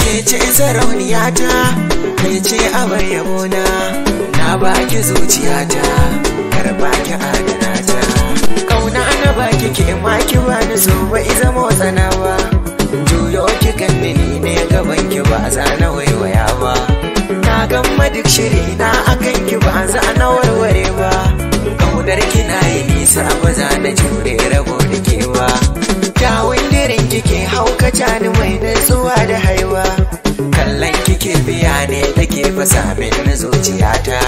ke ce sarauniyata kai ce abar yabona na baki zuciyata kar baki adanata kauna na baki ke maki ba ni so ba iza motsana ba juyo ki ganni ni ne gaban ki ba za na waiwaya ba na gama duk shiri tijjani mai nutsuwa da haiwa kallon kike biya ne take fasa min na zuciyata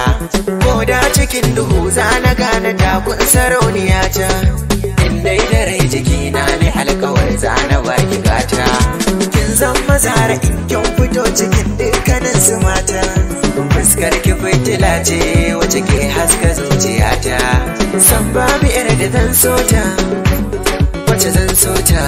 ko da cikin duhu za na gane takun sarauniya ta in dai da rai jikina ne alkawar za na baki gata kin zan mazara in kin fito cikin dukkanin su mata fuskar ki fitila ce wace ke haska zuciyata san babu irin da zan sota wace zan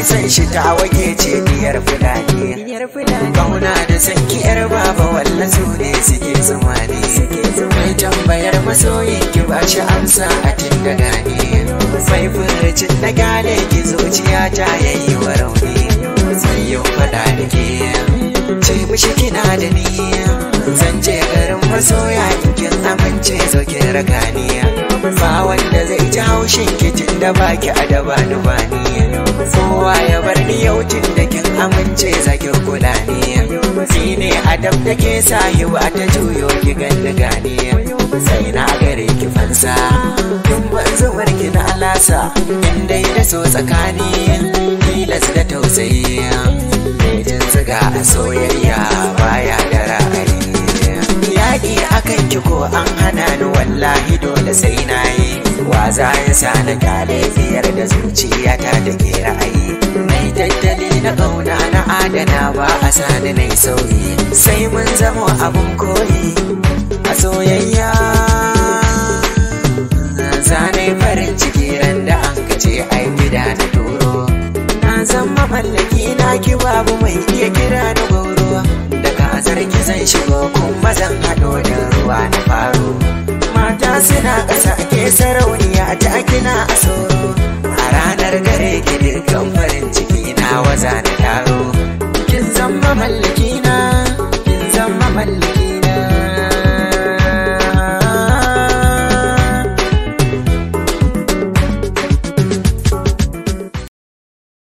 ni san shi ta ce biyar fulani kauna da sanki yar baba walla su ne suke ne mai tambayar masoyin ki ba shi amsa a tun da gani mai furcin na gane ki zuciya ta yayi wa rauni sai yau faɗa da ke ce mishi kina da ni zan je garin masoya kin amince zo ki raganiya ba wanda zai ji haushin kitin da baki a daba dubaniya amince zaki kula ne shi ne adam da ke sahiwa a ta juyo ki ganda gani sai na gare ki fansa dun ban zuwar ki na alasa in dai da so tsakani tilas da tausayi mejin jin a soyayya baya da ra'ayi yaƙi a kan ki ko an hana ni wallahi dole sai na yi wa ya sa na kale biyar da zuciyata da ke ra'ayi mai na ƙauna na adana ba a sani na sauyi sai mun zama abin koyi a soyayya zane farin ciki ran da an kace ai gida da turo na zan mamallaki na ki babu mai iya kira da gauro daga zargi zan shigo kuma zan haɗo da ruwa na faro mata suna ƙasa ke sarauniya ta kina a mal.